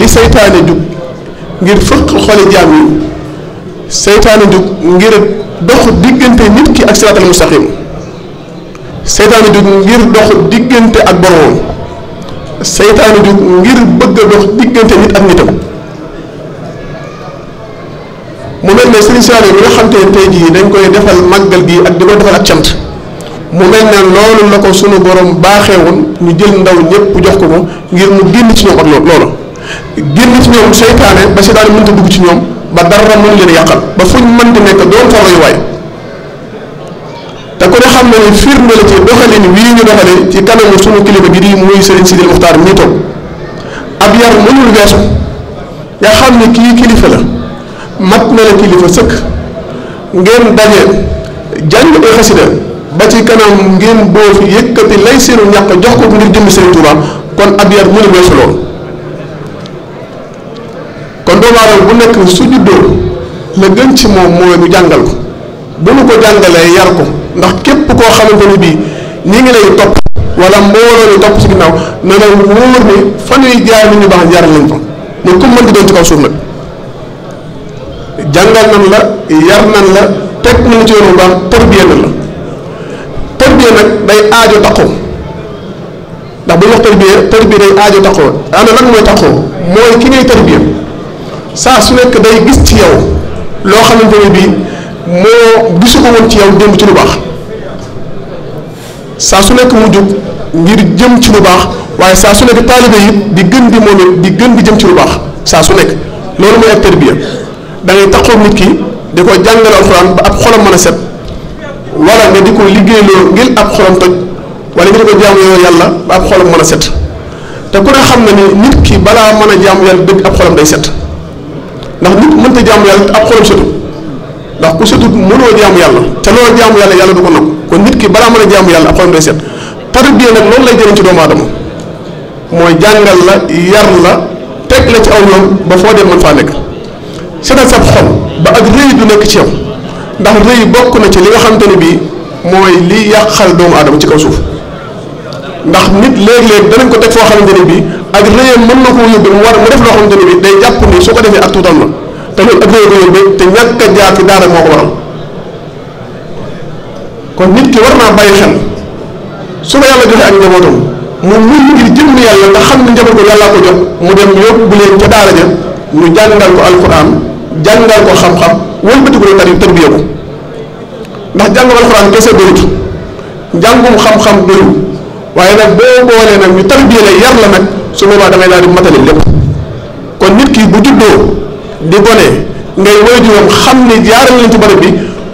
li seytaane jug ngir fëq xoli jaam yi seytaane jug dox diggante nit ki ak siraatal mustaqim seytaane jug ngir dox diggante ak boromam seytaane jug ngir bëgg a dox diggante nit ak nitam mu mel ne sëriñ Saliou bi nga xam te ne tey jii dañ koy defal màggal gi ak di ko defal ak cant mu mel ne loolu la ko sunu borom baaxee woon ñu jël ndaw ñëpp jox ko ko ngir mu génn ci ñoom ak loolu génn ci ñoom seytaane ba seytaane mënta dugg ci ñoom ba dara mën leen yàqal ba fuñ mën di nekk doon fa royuwaay te ku ne xam na ne firnde la ci doxalin wii ñu doxale ci kanamu sunu kilifa gi di muy Serigne Sidil Muxtaar mii toog ab yar mënul weesu nga xam kii kilifa la mat na la kilifa sëkk ngeen daje ba ci ngeen boo fi yëkkati lay seenu ñàkk jox ko ngir jëmmi Serigne Touba kon ab yar mënul weesu loolu waral bu nekk su juddoo la gën ci moom mooy ñu jàngal ko bu ñu ko jàngalee yar ko ndax képp koo xamante ni bii ñi ngi lay topp wala mbooloo ñu topp si ginnaaw na la ñu baax jaar lañ fa mu comme mën di ci kaw suuf nag jàngal nan la yar nan la teg nañ ci yoon bu baax tërbiye nan la tërbiye nag day aajo taqoo ndax bu ñu wax tërbiye tërbiye day aajo taqoo ana lan mooy taqoo mooy ki ngay tërbiye saa su nekk day gis ci yow loo xamante ne bii moo gisu ko woon ci yow démb ci lu baax saa su nekk mu jóg ngir jëm ci lu baax waaye saa su nekk taalibe yi di gën di moom di gën di jëm ci lu baax saa su nekk loolu mooy ak tarbiya da tax taxaw nit ki di ko jàngal alxuraan ba ab xolam mën a set wala nga di ko liggéeyloo ngir ab xolam toj wala nga di ko jaamu yàlla ba ab mën a set te ku ne xam na ni nit ki balaa mën a jaamu yàlla dëgg ab xolam day set. ndax nit mënta jaamu yàlla ab xolam sëtu ndax ku sëtu mënoo jaamu yàlla te loolu jaamu yàlla yàlla du ko nangu kon nit ki balaa mën a jaamu yàlla ab xolam day set tarbiya nag lay jëriñ ci doomu aadama mooy jàngal la yar la teg la ci aw yoon ba foo dem mën faa nekk setal sab xol ba ak rëy du nekk ci yow ndax rëy bokk na ci li nga xamante ne bii mooy li yàq yàqal doomu aadama ci kaw suuf ndax nit léeg-léeg danañ ko teg foo xamante ne bii ak réyam mën na koo yóbbee mu war mu def loo xamante ne bi day jàpp ni su ko defee ak tuutam la te loolu ak réy yóbbee te ñàkk a jaar ci daara moo ko waral kon nit ki war naa bàyyi xel su ko yàlla joxe ak njabootam mu mun ngir jëmm yàlla nga xam ne njaboot ko yàllaa ko jox mu dem yóbbu leen ca daara ja ñu jàngal ko alquran jàngal ko xam-xam wëlbatiku la tari tërbiya ko ndax jàngum alquran kese doyut njàngum xam-xam doyut waaye nag boo su boobaa damay daal di matali lépp kon nit ki bu juddoo di gone ngay woy di xam ne jaaral leen ci barab bi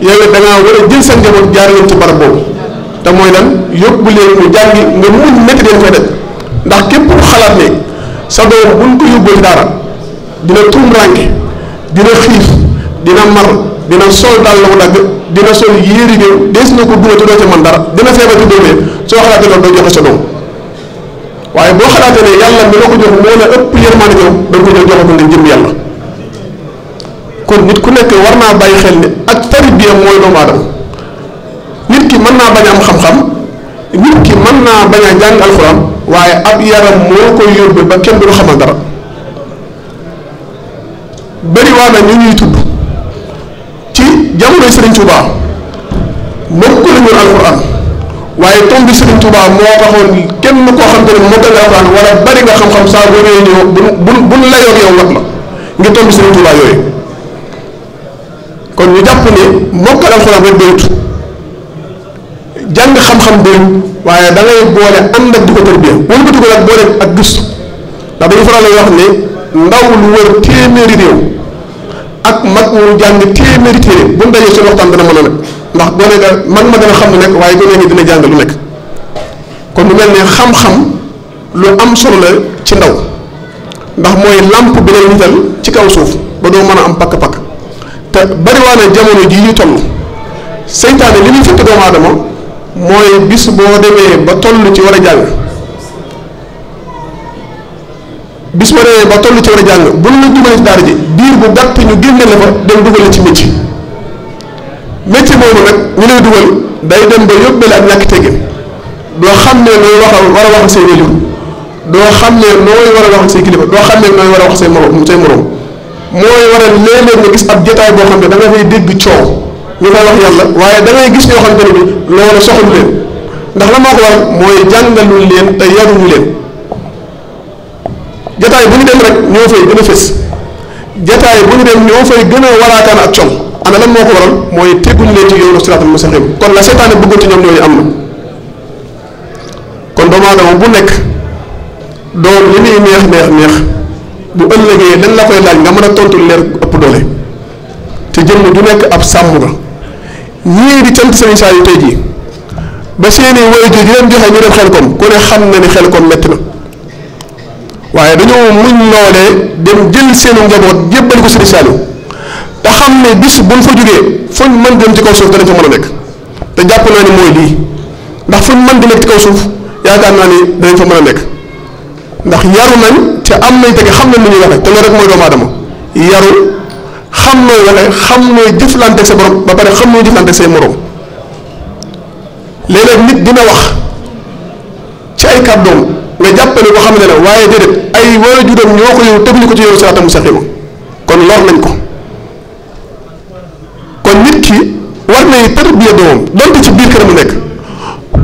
yow it da ngaa war a jël seen njaboot jaaral leen ci barab boobu te mooy lan yóbbu leen ñu jàngi nga muñ métti leen koy def ndax képp ku xalaat ne sa doom buñ ko yóbbul dara dina tuum rànke dina xiif dina mar dina sol daal la mu dagg dina sol yéeri néew des na ko duma te doo ca man dara dina feebar ci doomee soo xalaatee loolu doo joxe sa boo xalaatee ne yàlla mi la ko jox moo la ëpp yërmande yow da nga ko jox joxagul ne jëm yàlla kon nit ku nekk war naa bàyyi xel ne ak tarbiya mooy doomu aadama nit ki mën naa bañ am xam-xam nit ki mën naa bañ a alxuraan waaye ab yaram moo koy yóbbee ba kenn du lu xamal dara bëri ñu ñuy tudd ci jamonoy Sëriñ Tuubaa moom ko la ñu alxuraan waaye tomb bi Serigne Touba moo taxoon kenn koo xam te ne moo gën a alxuraan wala bari nga xam-xam saa bu réunion bu bu bu la yoon yow wat la ngir tomb bi yooyu kon ñu jàpp ne mokkal alxuraan rek doyut jàng xam-xam doyut waaye da ngay boole ànd ak di ko tërbiya wala bëgg boole ak gëstu ndax dañu faral di wax ne ndaw lu wër téeméeri réew ak mag mu jàng téeméeri téere bu mu dajee seen waxtaan dana mën a nag. ndax gone ga man ma dana xam lu nekk waaye gone gi dina jàng lu nekk kon lu mel ne xam-xam lu am solo la ci ndaw ndax mooy làmp bi lay nital ci kaw suuf ba doo mën a am pakk-pakk te bariwaane jamono jii ñu toll seytaane li muy fekk doomu aadama mooy bis boo demee ba toll ci war a jàng bis boo demee ba toll ci war a jàng bu la dugalee ci ji diir bu gàtt ñu génne la fa dem dugal ci métier. métier moomu nag ñu lay dugal day dem ba yóbbale ak ñàkk teggin doo xam ne looy wax war a waxal say wéjur doo xam ne nooy war a waxal say kilifa doo xam ne nooy war a wax say morom say morom nga gis ak jotaay boo xam ne da nga fay dégg coow ñu koy wax yàlla waaye da gis ñoo xam ne bi loolu soxalu leen ndax la moo ko waral mooy jàngalu leen te yaruñu leen jotaay bu ñu dem rek ñoo fay gën a fës jotaay ñu dem ñoo fay gën a waraakaan ak coow. ana lan moo ko waral mooy teguñu leen ci yoonu siraatal mustaqim kon la seetaane bëggoon ci ñoom ñooñu am na kon doomu aadama bu nekk doom li muy neex neex neex bu ëllëgee lan la koy laaj nga mën a tontu leer ëpp doole te jëmm du nekk ab sàmm nga ñii di cant seen saa yu tey jii ba seeni waajur di leen joxe ñu dem xel kom ku ne xam na ni xel kom metti na waaye dañoo muñ loolee dem jël seenu njaboot jébbal ko seen saaliw te xam ne bis buñ fa jógee fuñ mën dem ci kaw suuf danañ fa mën a nekk te jàpp naa ni mooy lii ndax fuñ mën di nekk ci kaw suuf yaakaar naa ni danañ fa mën a nekk ndax yaru nañ ci am nañ tege xam nañ ni ñu waxee te loolu rek mooy doomu aadama yaru xam nooy waxee xam nooy jëflanteeg sa borom ba pare xam nooy jëflanteeg say morom léeg-léeg nit dina wax ci ay kàddoom nga jàppale ko xam ne la waaye déedéet ay wala juróom ñoo ko yow teguñu ko ci yow siraatal kon lor nañ ko. ki war nay tarbiya doomam donte ci biir kër mu nekk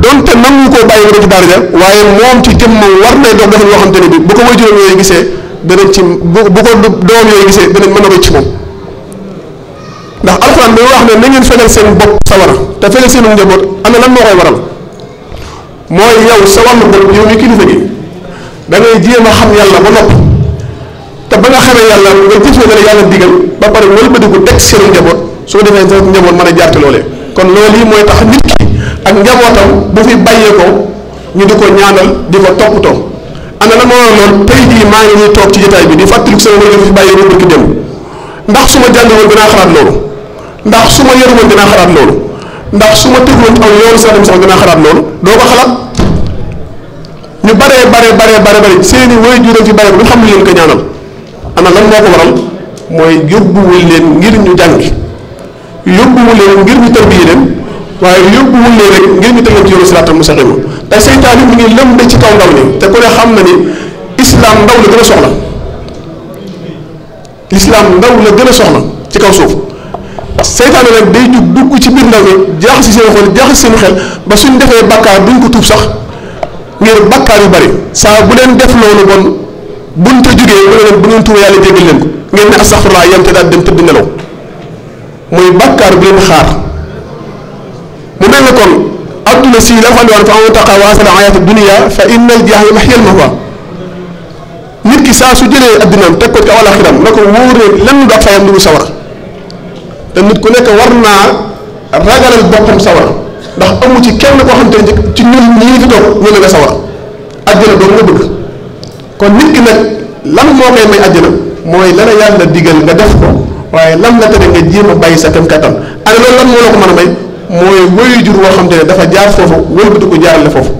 donte nangu koo bàyyi mu ci daara ja waaye moom ci jëm moom war nay dox yoo xam te ne bi bu ko waajuram yooyu gisee danañ ci bu bu ko doom yooyu gisee danañ mën a ko ci moom ndax alxuraan bi wax ne na ngeen fegal seen bopp sawara te fegal seen njaboot am na lan moo koy waral mooy yow sa wàllu bopp yow kilifa gi da ngay jéem a xam yàlla ba noppi te ba nga xamee yàlla nga jëfee dana yàlla digal ba pare seen njaboot soo defee sa njaboot mën a jaar ci kon loolu yi mooy tax nit ki ak njabootam bu fi bàyyee ko ñu di ko ñaanal di ko toppatoo ana la moo loolu tey jii maa ngi ñuy toog ci jotaay bi di fàttaliku sama wala fi bàyyee ko ki dem ndax su ma jàngoon dinaa xalaat loolu ndax su ma yaruwoon dinaa xalaat loolu ndax su ma teguloon aw yoonu sax xalaat loolu doo ko xalaat ñu baree baree baree bare bare seeni waajur fi bare ko du xam ne leen ko ñaanal ana lan moo ko waral mooy yóbbuwul leen ngir ñu jàngi yóbbuwul leen ngir ñu tërbiyee leen waaye yóbbuwul leen rek ngir ñu tegal ci yoonu siraatal mustaqiim te seytaane mi ngi lëmbe ci kaw ndaw ñi te ku ne xam na ni islam ndaw la gën a soxla islam ndaw la gën a soxla ci kaw suuf seytaane nag day jug dugg ci biir ndaw ñi jaaxal si seen xol jaaxal seen xel ba suñ defee bakkaar duñ ko tuub sax ngir bakkaar yu bari saa bu leen def loolu bon buñ ko jugee bu leen bu ngeen tuubee yàlla jéggal leen ko ngeen ne astaxfirullah yam te daal dem tëdd nelaw muy bàkkaar bu leen xaar mu mel ne kon adduna si la fa ne woon fa amoon taqa waasal ayaatu dunia fa innal jahima hiya al-ma'wa nit ki saa su jëlee addinaam teg ko ci awal ko wóoree lenn du ak mu sawar te nit ku nekk war naa ragalal boppam sawar ndax amu ci kenn koo xam te ne ci ñun ñii fi toog ñu ne nga kon nit ki nag lan moo koy may àjjana mooy la la yàlla digal nga def ko. waaye lan la tere nga jéem a bàyyi sa kem kattan ak loolu lan moo la ko mën a may mooy wéyu jur woo xam ne dafa jaar foofu wëlbati ko jaarale foofu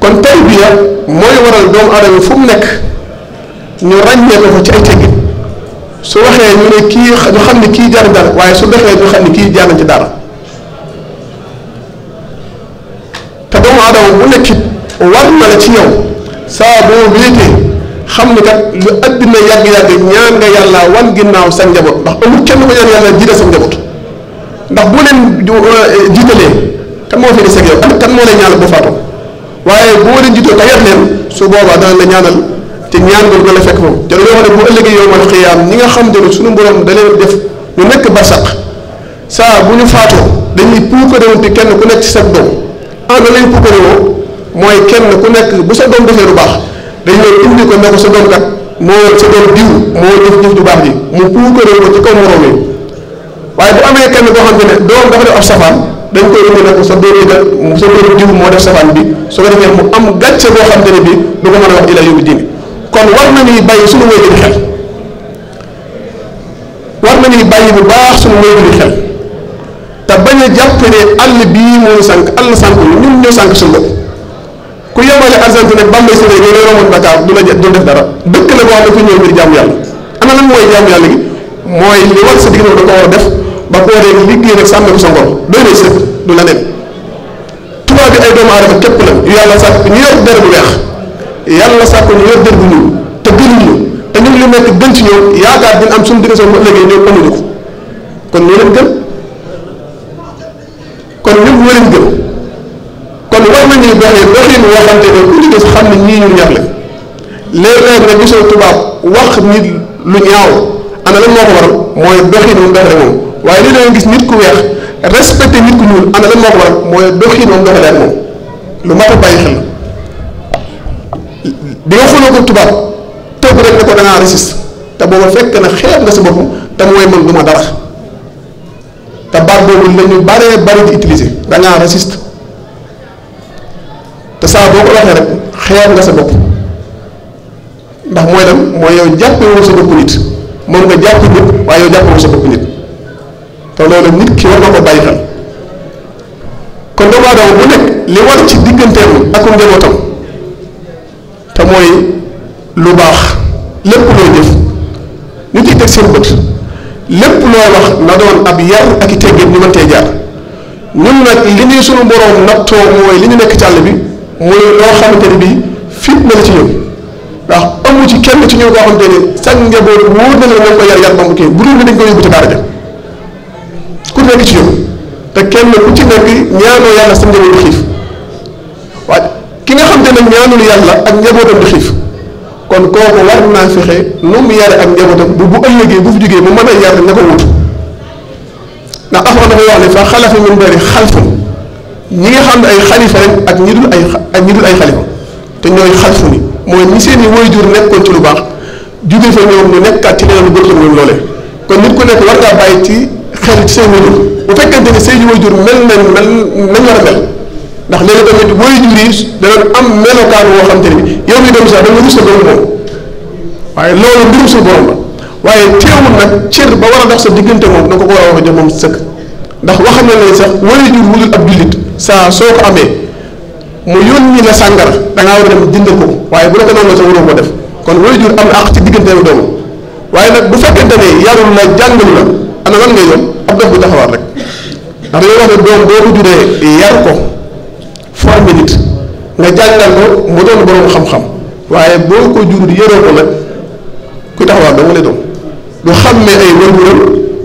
kon tarbiya mooy waral doomu aadama fu mu nekk ñu ràññee ko fa ci ay teggin su waxee ñu ne kii ñu xam ne kii jaar dara waaye su doxee ñu xam ne kii jaar na ci dara te doomu aadama bu nekk war na la ci yow saa boo wéetee xam ne kat lu àddina yàgg-yàgg ñaan nga yàlla wan ginnaaw sa njaboot ndax amul kenn ko ñaan yàlla jiital sa njaboot ndax boo leen uh, jiitalee kan moo fi des ak yow kan moo lay ñaanal boo faatoo waaye boo leen jiitoo te yar leen su boobaa dana la ñaanal te ñaan boobu nga la fekk moom te loolu ne bu ëllëgee yow man xiyaam ñi nga xam te ne suñu borom da leen def ñu nekk barsaq saa bu ñu faatoo dañuy puukarewante kenn ku nekk ci sa doom ah la lay puukarewoo mooy kenn ku nekk bu sa doom defee lu baax dañ leen indi ko ne ko sa doom kat moo sa doom diw moo jëf jëf ju baax ji mu puukaree ko ci kaw moroom yi waaye bu amee kenn koo xam ne doom dafa def ab safaan dañ koy indi ne ko sa doom kat sa doom diw moo def safaan bi su ko defee mu am gàcce boo xam ne bi du ko mën a wax ilaa yóbbu diini kon war nañuy bàyyi suñu wéyjur xel war nañuy bàyyi bu baax suñu wéyjur xel te bañ a jàpp ne àll bii moo ñu sànq àll sànq ñun ñoo sànq suñu bopp ku yemale Argentine ak Bambey Sile yooyu la romoon Dakar du la def dara dëkk la boo xam ne fi ñëw ngir jaamu yàlla ana lan mooy jaamu yàlla gi mooy li war sa diggante da ko war a def ba koo rek sa ngor doy na sëkk du la nen tubaab bi ay la yàlla sàkk ñu yor bu weex yàlla sàkk ñu yor der bu ñuul te gënuñu te ñu ngi lu nekk gën ci ñoom yaakaar dina am suñu diggante bu ëllëgee ñoom amuñu ko kon ñoo leen gën kon ñoom ñoo leen gën kon waxin waxante ba ku ci gis xam ne ñii ñu ñax la léeg-léeg moo ko waral mooy doxin moom gis nit ku weex respecté nit ku ñuul ana lan moo ko moom doxale lu mat a bàyyi xel di nga xuloo ko tubaab toog dangaa résiste te booba fekk na xeeb nga te mooy man ma dara te baat boobu la ñu baree bari saa boo ko waxee rek xeer nga sa bopp ndax mooy lan mooy yow jàppewoo sa bopp nit moom nga jàpp nit waaye yow jàppewoo sa bopp nit te loolu nit ki war na ko bàyyi xel kon doomu aadama bu nekk li war ci digganteem ak njabootam te mooy lu baax lépp loo jëf ñu ci teg seen bët lépp loo wax na doon ab yar ak i teggin ñu mën tee jaar ñun nag li ñuy sunu boroom nattoo mooy li ñu nekk ci bi muy loo xamante ne bii fitna la ci ñëw ndax amu ci kenn ci ñëw koo xamante ne sax njaboot wóor na la ko yar yar ba mu kii bu dul dañ ko yóbbu ci daara ja ku nekk ci ñun te kenn ku ci nekk ñaanoo yàlla sa njaboot di xiif waaye ki nga xamante ne ñaanul ak njabootam di xiif kon kooku war naa fexe nu mu yare ak njabootam bu bu ëllëgee bu fi jógee mu mën a yar na ko wut ndax afro dafa wax ne fa xalafi min bari xalfun ñi nga xam ne ay xalifa lañ ak ñi dul ay ak ñi dul ay xalifa te ñooy xalifu ni mooy ñi seen i waajur nekkoon ci lu baax jóge fa ñoom ñu nekkaat ci leneen lu bokkul woon loolee kon nit ku nekk war ngaa bàyyi ci xel ci seen bu fekkente ne seen i waajur mel nañ mel nañ war a mel ndax léegi tamit waajur yi danañ am melokaan woo xam ne bi yow mi dem sax da nga rus a doon moom waaye loolu mbirum suñu borom la waaye teewul nag cër ba war a dox sa diggante moom na ko ko war a wax jox moom sëkk ndax wax na ne sax waajur wulul ab jullit saa soo ko amee mu yónni la sàngara da ngaa war a dem jëndal ko waaye bu la ko noonu sa waroo ko def kon waajur am àq ci digganteelu doomu waaye nag bu fekkente ne yarul la jàngal la ana lan ngay yoon ab dof bu taxawaat rek doom boo ko juree yar ko formé nit nga jàngal xam-xam waaye boo ko jurul yaroo ko nag ku taxawaat dong lay doon du xàmmee ay waajuram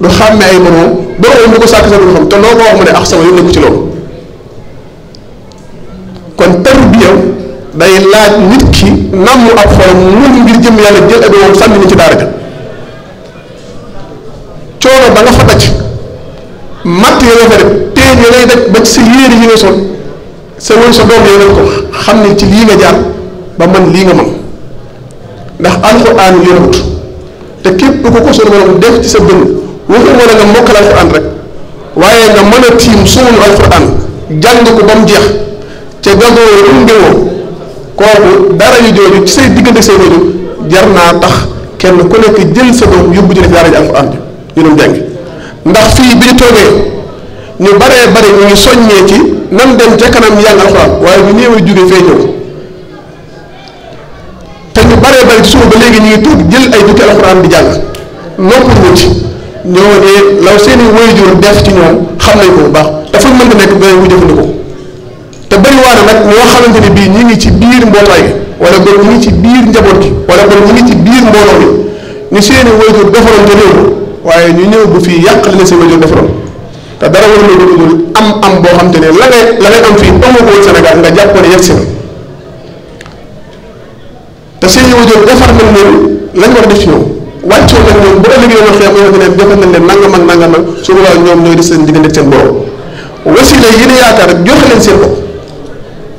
du xàmmee ay moroom doo ko mu ko sàkk sa xam te loo ko wax mu ne ak ah, sama yónnee ko ci loolu. day laaj nit ki nam mu ab mun ngir jëm yàlla jël ak moom sànni ni ci daara ja coono ba nga fa daj matt ya nga def teen ya yi nga sol sa woon ko xam ne ci lii nga ba man lii nga mën ndax te képp ku ko sunu borom def ci sa bënn waxuma la nga mokkal alxuraan rek waaye nga mën a tiim suunu alxuraan jàng ko ba mu jeex ca gagoo rumbewoo kooku dara yu jooju ci say diggante say wajur jar naa tax kenn ku nekk jël sa doom yóbbu jële ci daara ji alxuraan ji ñu doon jàng ndax fii bi ñu toogee ñu bare bare ñu ngi soññee ci nan dem ca kanam jàng alxuraan waaye bu néew jógee fee ñëw te ñu baree bare ci suba ba léegi ñu ngi toog jël ay dukki alxuraan di jàng noppul ñu ci ñoo ne law seeni wajur def ci ñoom xam nañ ko bu baax dafa mën a nekk ba mu jëfandikoo te bëriwaane nag ñoo xamante ni bii ñu ngi ci biir mbootaay wala kon ñi ngi ci biir njaboot gi wala kon ñi ngi ci biir mbooloo bi ñu seeni wayjur defaroon waaye ñu ñëw bu fii yàq li la seen wayjur defaroon te dara war na dudul am am boo xam ne la ngay am fii amu ko woon Sénégal nga jàpp ne yegg si na te seeni wayjur defar nañ leen lañ war a def ci ñoom wàccoo nañ ñoom ma xeex ñoo ne defar nañ leen nangam ak nangam ak su boobaa ñoom ñooy seen diggante jox leen seen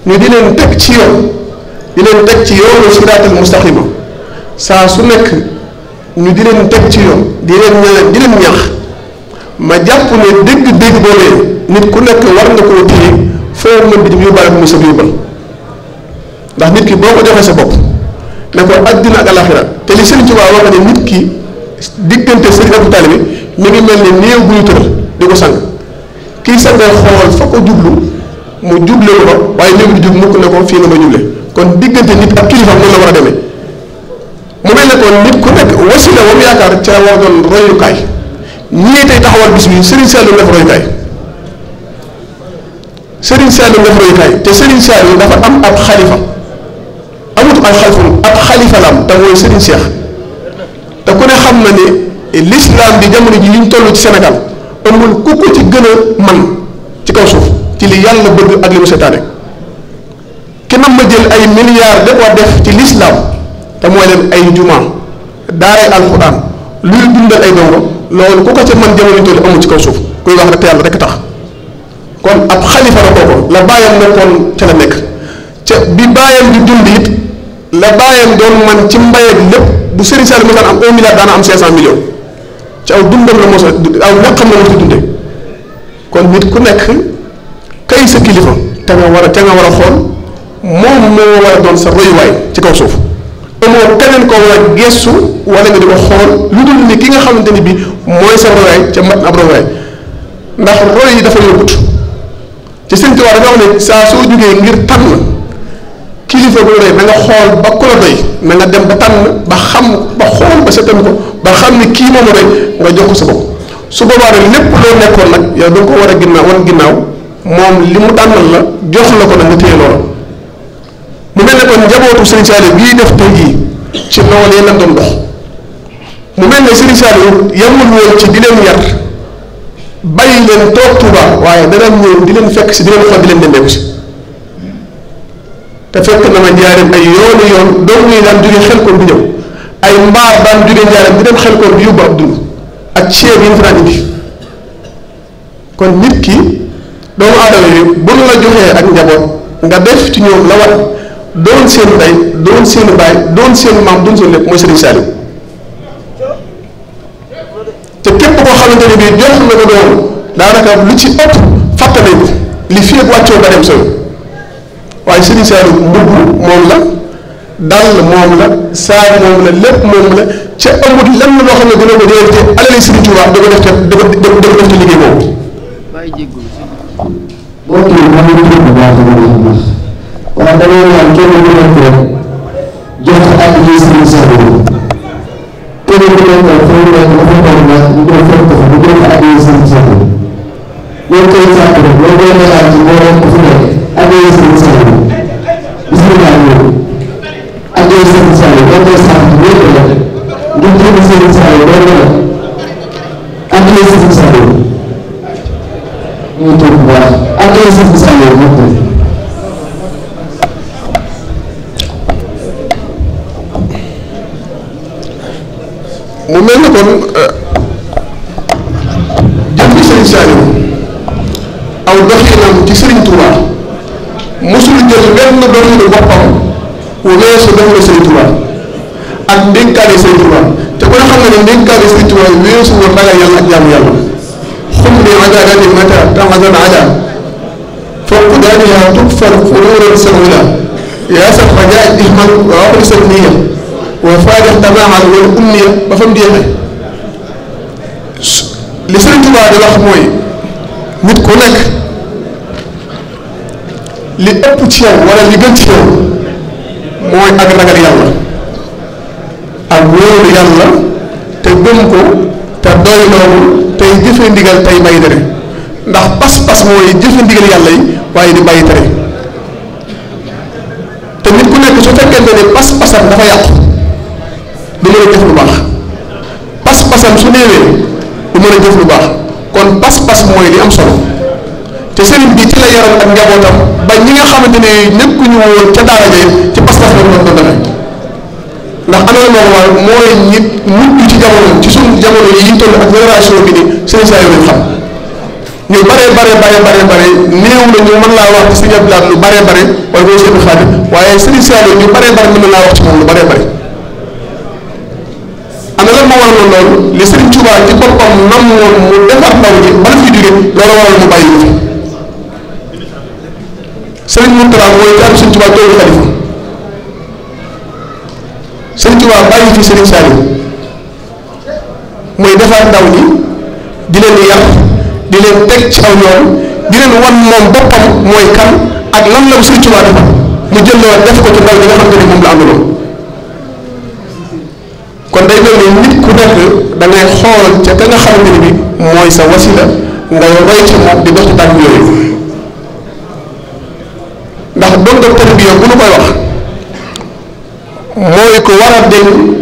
ñu di leen teg ci yoon di leen teg ci yoonu siraatal mustaqima saa su nekk ñu di leen teg ci yoon di leen ñaan di leen ñax ma jàpp ne dégg-dégg boobee nit ku nekk war nga koo téye foo mën di dem yóbbaale ko mu sa yóbbal ndax nit ki boo ko joxee sa bopp ne ko àddina ak alaxira te li Sëriñ ci wax ne nit ki diggante sëriñ ak taalibe mi ngi mel ne néew bu ñu tëral di ko sang kii sangay xool fa ko jublu mu juble waaye néew di jub mukk ne ko fii nga ma juble kon diggante nit ak kilifa noonu la war a demee mu mel ne kon nit ku nekk wasila wam yaakaar ca war doon royukaay ñii tey taxawal bis bi Serigne lu def royukaay Serigne Saliou def royukaay te Serigne Saliou dafa am ab xalifa amut ay xalifa ab xalifa la am te mooy Serigne Cheikh te ku ne xam na ne l'islam bi jamono ji liñ toll ci Sénégal amul ku ko ci gën a man ci kaw li yàlla bëgg ak li mu seetaane ki nam ma jël ay milliards da def ci lislaam te mooy leen ay juma daaray alxuraan luy dundal ay dongo loolu ku ko ca mën jamono toll amul ci kaw suuf kuy wax rek te yàlla rek tax kon ab xalifa la kooku la bàyyam nekkoon ca la nekk ca bi bàyyam di dund it la bàyyam doon man ci mbay ak lépp bu Serigne Sall mi am 1 milliard daana am 500 millions ci aw dundam la mos aw ñàqam la mos a dundee kon nit mooy sa kilifa te nga war a te nga war a xool moom moo war a doon sa royuwaay ci kaw suuf amoo keneen koo war a gestu wala nga di ko xool lu dul ni ki nga xamante ni bi mooy sa royuwaay ca mat na ab royuwaay ndax roy yi dafa yóbbut ci seen tubaab dafa wax ne saa soo jógee ngir tànn kilifa bu doy na nga xool ba ku la doy na nga dem ba tànn ba xam ba xool ba seetal ko ba xam ne kii moom la doy nga jox ko sa bopp su boobaa lépp loo nekkoon ginnaaw moom li mu tànnal la jox la ko na nga téye loolu mu mel ne kon njabootu Serigne Saliou bii def tey jii ci noonu yi lan doon dox mu mel ne Serigne Saliou yamul woon ci di leen yar bàyyi leen toog waaye dana ñëw fekk si di leen xool di fekk na ma njaareem ay yoonu yoon doom yi daan jóge xel koom bi ñëw ay mbaar daan jóge njaareem di dem xel koom bi yóbbu dund ak ceeb yi ñu fa daan indi kon nit ki. doomu aadama yi bu ñu la joxee ak njaboot nga def ci ñoom la war doon seen ndey doon seen baay doon seen maam doon seen lépp mooy Serigne Saliou te képp koo xamante ne bii jox la ko doon daanaka lu ci ëpp fàtte nañ ko li fii ak wàccoo ba dem sooy waaye Serigne Saliou mbubb moom la dàll moom la saar moom la lépp moom la ca amut lenn loo xam ne dina ko dee alali Serigne Touba da ko def te da ko def te liggéey boobu. boo jéggul boo jéggul man mii dégg naa ko bu baax a baax waaye damay ñaan kenn ku nekk rek jox ko ak lii seen sori kenn ku nekk rek foofu nekk dafa toog na ñu koy fekk fa bu jox ko ak lii seen sori loolu koy sàkk rek loolu koy ñaan ci boo leen ko fi nekk ak lii seen sori bisimilah ñëw ak lii seen sori loolu koy sàkk ñëpp rek ngir jënd seen sori loolu la ci boppam bu weesu def la Sëriñ Tuubaa ak ndénkaane Sëriñ Tuubaa te ku ne xam na ne ndénkaane Sëriñ Tuubaa weesu woon ragal yàlla ak jaamu yàlla xum ne adaadati mata taxasan ada foog daal di yaa tub far fu nuural samila yaa sax rajaaj ihmal wa waxli sa niya wa faadix tamaamal wala umniya ba fa mu jeexee li Sëriñ Tuubaa di wax mooy nit ku nekk li ëpp ci yow wala li gën ci yow mooy ak ragal yàlla ak wóolu yàlla te gëm ko te doy loolu tey jëfe ndigal tey bàyyi tere ndax pas-pas mooy jëfe ndigal yàlla yi waaye di bàyyi tere te nit ku nekk su fekkente ne pas-pasam dafa yàqu du mën a jëf lu baax pas-pasam su néewee du mën a jëf lu baax kon pas-pas mooy li am solo sëriñ bi ci la yaroon ak njabootam ba ñi nga xamante ne nekkuñu woon ca daara ja ci pas la mën ko ndax amee normal mooy ci jamono ci suñu jamono yi ñu toll ak génération bi laa wax ci sëriñ lu bare bare wala waaye sëriñ saa ñu bare bare mën na laa wax moom loolu li sëriñ Tuubaa ci boppam nam woon mu defar ndaw ji bala fi jóge loolu waral mu bàyyi ko fi Mourtada mooy daal mooy defar ndaw ñi di leen yar di ci di leen wan moom boppam def ko ci ndaw ñi kon day mel ni nit ku nekk da xool ca ka nga xamante ne bi mooy sa wasila ngay roy ci moom di dox ci tànk yooyu koy wax mooy ko war a dem